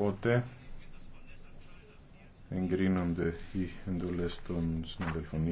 Οπότε εγκρίνονται οι εντολές των συναδελφών.